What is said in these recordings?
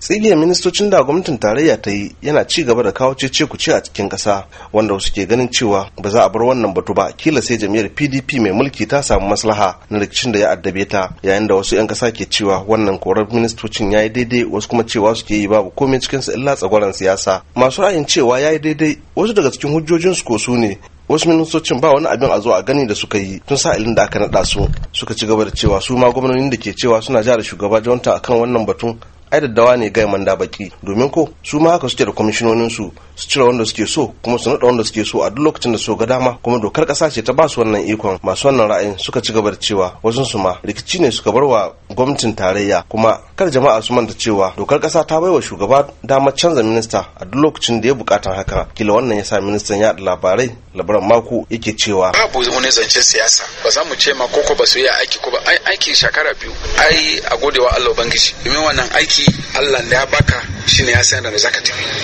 tsigiyar ministocin da gwamnatin tarayya ta yi yana ci gaba da kawo cece ku ce a cikin kasa, wanda wasu ke ganin cewa ba za a bar wannan batu ba kila sai jam'iyyar pdp mai mulki ta samu maslaha na rikicin da ya addabe ta yayin da wasu 'yan kasa ke cewa wannan korar ministocin ya yi daidai wasu kuma cewa suke yi babu komai cikin su illa tsagwaron siyasa masu ra'ayin cewa ya yi daidai wasu daga cikin hujjojin su ko su ne wasu ministocin ba wani abin a zo a gani da suka yi tun sa'ilin da aka naɗa su suka ci gaba da cewa su ma gwamnonin da ke cewa suna ja da shugaba jonta akan wannan batun ai daddawa ne gai manda baki domin ko su ma haka suke da kwamishinonin su su cire wanda suke so kuma su nada wanda suke so a duk lokacin da so ga dama kuma dokar ƙasa ce ta ba su wannan ikon masu wannan ra'ayin suka ci gaba da cewa wasu su ma rikici ne suka bar wa gwamnatin tarayya kuma kar jama'a su manta cewa dokar ƙasa ta baiwa shugaba dama canza minista a duk lokacin da ya bukata haka kila wannan ya sa ministan ya labarai labaran mako yake cewa babu wani zancen siyasa ba za mu ce ma koko ba su yi aiki ko ba aiki shakara biyu ai a godewa Allah bangishi domin wannan aiki shi Allah da ya baka ne ya san da zaka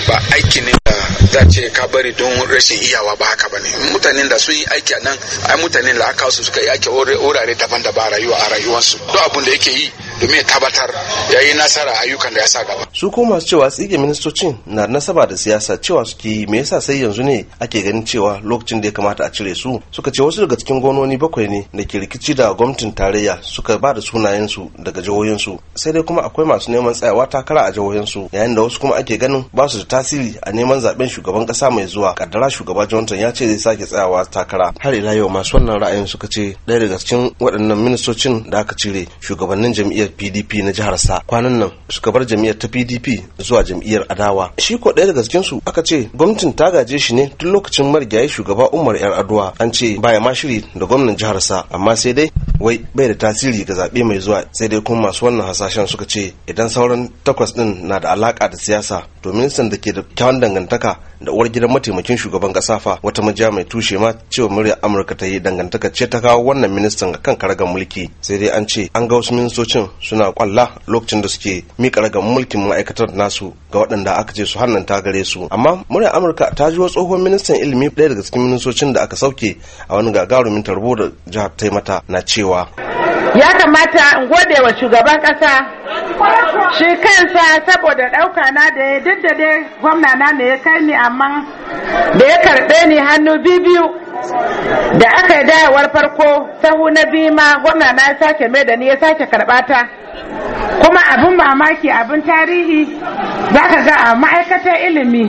ba aiki ne da za ce ka bari don rashin iyawa ba haka bane mutanen da sun yi aiki a nan ai mutanen da aka su suka yi aiki wurare daban-daban rayuwa a rayuwarsu duk abin da yake yi domin tabbatar ya yi nasara ayyukan da ya sa gaba. Su kuma masu cewa tsige ministocin na nasaba da siyasa cewa suke yi me yasa sai yanzu ne ake ganin cewa lokacin da ya kamata a cire su suka ce wasu daga cikin gwamnoni bakwai ne da ke rikici da gwamnatin tarayya suka ba da sunayensu daga jihohinsu sai dai kuma akwai masu neman tsayawa takara a jihohinsu yayin da wasu kuma ake ganin ba su da tasiri a neman zaben shugaban kasa mai zuwa kaddara shugaba Johnson ya ce zai sake tsayawa takara har ila yau masu wannan ra'ayin suka ce ɗaya daga cikin waɗannan ministocin da aka cire shugabannin jam'iyyar jam'iyyar pdp na jihar sa kwanan nan suka bar jam'iyyar ta pdp zuwa jam'iyyar adawa shi ko ɗaya daga cikin su aka ce gwamnatin ta gaje shi ne tun lokacin marigayi shugaba umar yar aduwa an ce baya ma shiri da gwamnan jihar sa amma sai dai wai bai da tasiri ga zaɓe mai zuwa sai dai kuma masu wannan hasashen suka ce idan sauran takwas ɗin na da alaƙa da siyasa to ministan da ke da kyawun dangantaka da uwar gidan mataimakin shugaban ƙasa fa wata majiya mai tushe ma cewa murya amurka ta yi dangantaka ce ta kawo wannan ministan kan karagar mulki sai dai an ce an ga wasu ministocin suna kwalla lokacin da suke miƙa ragar mulkin ma'aikatar nasu ga waɗanda aka ce su hannanta gare su amma murya amurka ta ji wa tsohon ministan ilimi ɗaya daga cikin ministocin da aka sauke a wani gagarumin tarbo da jihar taimata na cewa ya kamata in gode wa shugaban kasa shi kansa saboda ɗauka na da ya duk da gwamna na ne ya kai ni amma da ya karɓe ni hannu biyu da aka yi dayawar farko sahu na biyu ma gwamna na ya sake mai da ni ya sake karɓata kuma abin mamaki abin tarihi za ga a ma'aikatar ilimi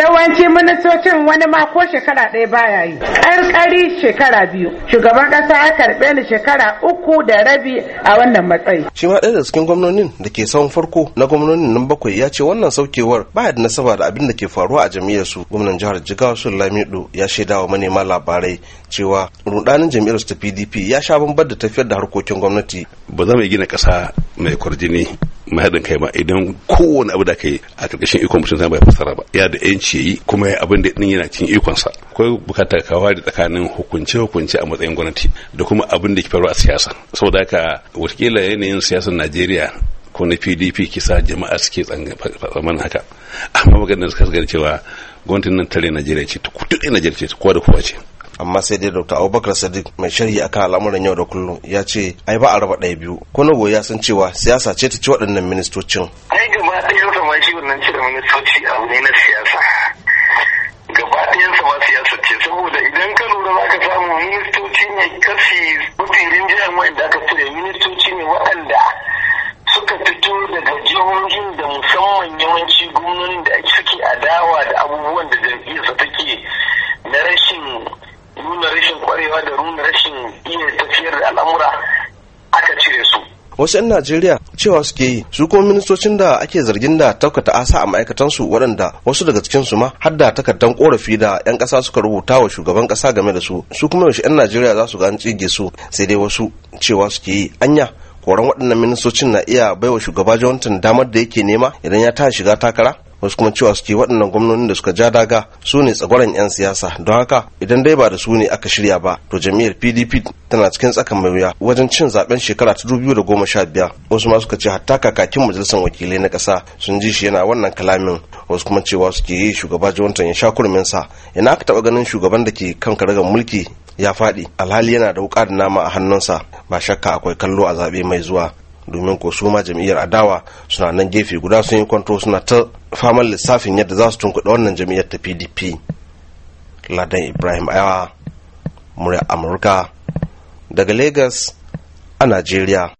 yawanci ministocin wani ma ko shekara ɗaya baya yi ƙarƙari shekara biyu shugaban ƙasa ya karɓe ni shekara uku da rabi a wannan matsayi. shi ma ɗaya da cikin gwamnonin da ke sahun farko na gwamnonin nan bakwai ya ce wannan saukewar ya da nasaba da abin da ke faruwa a jam'iyyar su gwamnan jihar jigawa sun lamido ya shaida wa manema labarai cewa rudanin jam'iyyar su ta pdp ya sha bambar da tafiyar da harkokin gwamnati. ba za mu gina ƙasa mai kwarjini mai haɗin kai ma idan kowane abu da ka yi a ƙarƙashin ikon mutum zama bai fassara ba ya da yanci ya yi kuma ya abin da yana cikin ikonsa akwai bukatar kawa da tsakanin hukunce-hukunce a matsayin gwamnati da kuma abin da ke faruwa a siyasa saboda haka watakila yanayin siyasar najeriya ko na pdp kisa jama'a suke tsaman haka amma maganar suka cewa gwamnatin nan tare najeriya ce ta kudu najeriya ce kowa da kowa ce amma sai dai dr abubakar sadiq mai sharhi akan al'amuran yau da kullum ya ce ai ba a raba ɗaya biyu ko na goya sun cewa siyasa ce ta ci waɗannan ministocin ai gaba ɗaya ta ma shi wannan cire ministoci abu ne na siyasa gaba ɗayansa ma siyasa ce saboda idan ka lura za ka samu ministoci ne kashi mafi rinjiyar da aka cire ministoci ne waɗanda suka fito daga jihohin da musamman yawanci gwamnonin da suke adawa da abubuwan da jam'iyyarsa ta wasu 'yan najeriya cewa suke yi su kuma ministocin da ake zargin da taukata asa a ma'aikatansu waɗanda wasu daga cikin su ma har da takardar korafi da 'yan ƙasa suka rubuta wa shugaban ƙasa game da su su kuma yaushe 'yan najeriya za su ga an tsige su sai dai wasu cewa suke yi anya koran waɗannan ministocin na iya baiwa shugaba johnson damar da yake nema idan ya ta shiga takara wasu kuma cewa suke waɗannan gwamnonin da suka ja daga su ne tsagwaron 'yan siyasa don haka idan dai ba da su ne aka shirya ba to jam'iyyar pdp tana cikin tsakan mai wuya wajen cin zaben shekara ta dubu da goma sha biyar wasu ma suka ce hatta kakakin majalisar wakilai na ƙasa sun ji shi yana wannan kalamin wasu kuma cewa suke yi shugaba johnson ya sha sa ina aka taɓa ganin shugaban da ke kan karagar mulki ya faɗi alhali yana da wuƙa da nama a hannunsa ba shakka akwai kallo a zaɓe mai zuwa domin ko su ma jam'iyyar adawa suna nan gefe guda sun yi kwanto suna ta faman lissafin yadda za su tunkuɗa wannan jam'iyyar ta pdp ladan ibrahim ayawa murya amurka daga lagos a najeriya